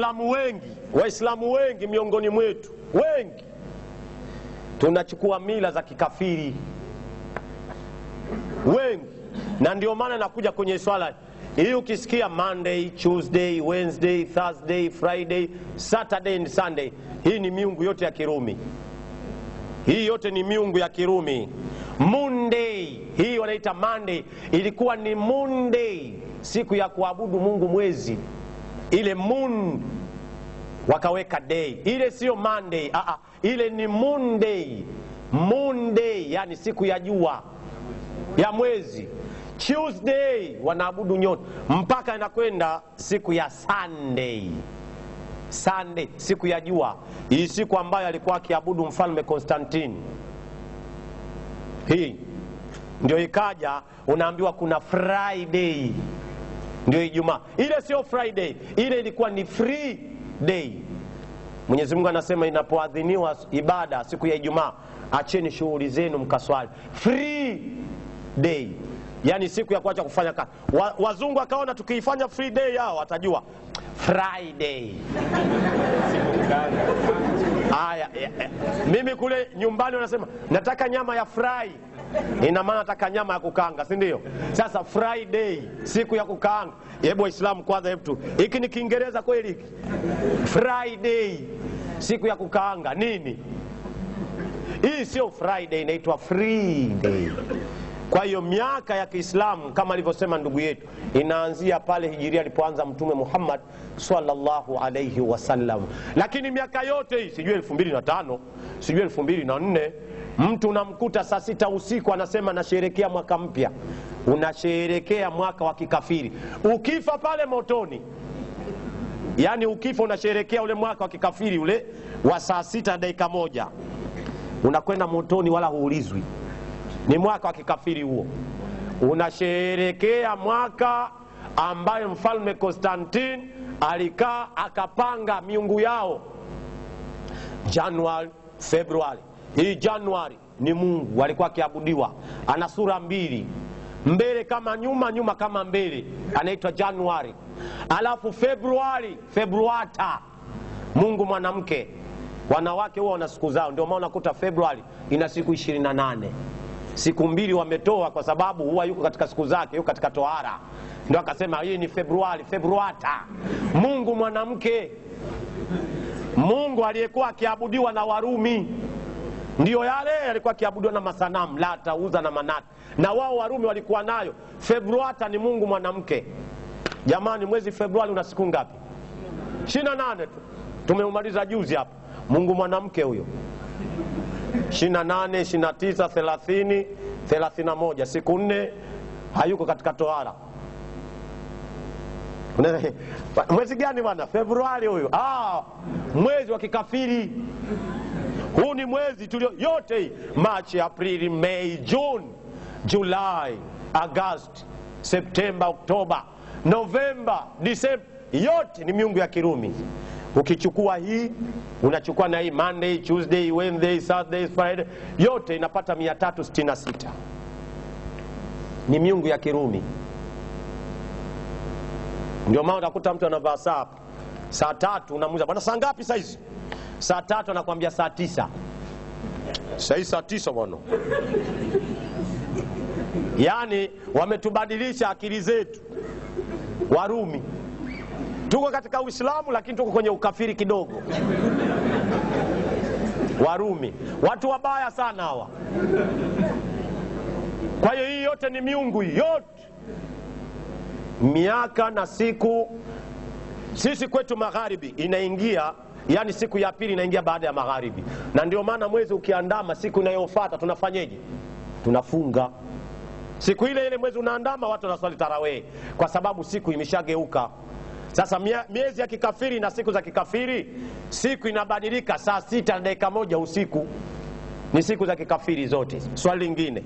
Waislamu wengi, Waislamu wengi miongoni mwetu wengi tunachukua mila za kikafiri wengi, na ndio maana nakuja kwenye swala hii. Ukisikia Monday, Tuesday, Wednesday, Thursday, Friday, Saturday and Sunday, hii ni miungu yote ya Kirumi. Hii yote ni miungu ya Kirumi. Monday hii wanaita Monday, ilikuwa ni Monday, siku ya kuabudu Mungu mwezi ile moon wakaweka day, ile sio Monday, aa, ah, ah. ile ni monday monday yani siku ya jua ya mwezi. Tuesday wanaabudu nyota mpaka inakwenda siku ya Sunday. Sunday siku ya jua, hii siku ambayo alikuwa akiabudu mfalme Konstantini. Hii ndio ikaja, unaambiwa kuna Friday ndio Ijumaa. Ile sio Friday, ile ilikuwa ni free day. Mwenyezi Mungu anasema inapoadhiniwa ibada siku ya Ijumaa, acheni shughuli zenu mkaswali. Free day, yaani siku ya kuacha kufanya kazi. Wa, wazungu akaona tukiifanya free day yao watajua Friday Aya, eh, eh. mimi kule nyumbani wanasema nataka nyama ya fry, ina maana nataka nyama ya kukanga si ndio? Sasa Friday, siku ya kukanga Hebu Waislamu kwanza, hebu tu hiki ni Kiingereza kweli hiki? Friday, siku ya kukaanga nini? Hii sio Friday, inaitwa free day. Kwa hiyo miaka ya Kiislamu kama alivyosema ndugu yetu inaanzia pale hijiria alipoanza Mtume Muhammad sallallahu alayhi wasallam, lakini miaka yote hii sijui elfu mbili na tano sijui elfu mbili na nne mtu unamkuta saa sita usiku anasema nasherekea mwaka mpya. Unasherekea mwaka wa kikafiri, ukifa pale motoni. Yaani ukifa unasherekea ule mwaka wa kikafiri ule wa saa sita na dakika moja, unakwenda motoni wala huulizwi ni mwaka wa kikafiri huo, unasherekea mwaka ambaye mfalme konstantin alikaa akapanga miungu yao Januari, Februari. Hii Januari ni mungu alikuwa akiabudiwa, ana sura mbili, mbele kama nyuma, nyuma kama mbele, anaitwa Januari. Alafu Februari, Februata, mungu mwanamke. Wanawake huwa wana siku zao, ndio maana unakuta Februari ina siku 28 siku mbili wametoa, kwa sababu huwa yuko katika siku zake, yuko katika tohara. ndo akasema hii ni Februari, Februata. Mungu mwanamke, Mungu aliyekuwa akiabudiwa na Warumi ndiyo yale alikuwa akiabudiwa na masanamu Lata, Uza na Manata, na wao Warumi walikuwa nayo. Februata ni Mungu mwanamke. Jamani, mwezi Februari una siku ngapi? ishirini na nane tu, tumeumaliza juzi hapa. Mungu mwanamke huyo. 28, 31, siku nne hayuko katika toara Mwezi gani bwana? Februari huyu. Ah, mwezi wa kikafiri huu ni mwezi tulio yote hii Machi, Aprili, Mei, Juni, Julai, Agosti, Septemba, Oktoba, Novemba, Disemba, yote ni miungu ya Kirumi. Ukichukua hii unachukua na hii Monday, Tuesday, Wednesday, Saturday, Friday, yote inapata 366 ni miungu ya Kirumi. Ndio maana utakuta mtu anavaa saa hapa saa tatu, unamuuliza bwana, saa ngapi saa hizi? Saa tatu anakuambia saa tisa. Saa hii saa tisa bwana. Yaani wametubadilisha akili zetu Warumi tuko katika Uislamu lakini tuko kwenye ukafiri kidogo. Warumi, watu wabaya sana hawa. Kwa hiyo hii yote ni miungu yote, miaka na siku. Sisi kwetu magharibi inaingia yani siku ya pili inaingia baada ya magharibi, na ndio maana mwezi ukiandama, siku inayofata tunafanyeje? Tunafunga siku ile ile, mwezi unaandama, watu wanaswali tarawee, kwa sababu siku imeshageuka. Sasa miezi ya kikafiri na siku za kikafiri, siku inabadilika saa sita na dakika moja usiku, ni siku za kikafiri zote. Swali lingine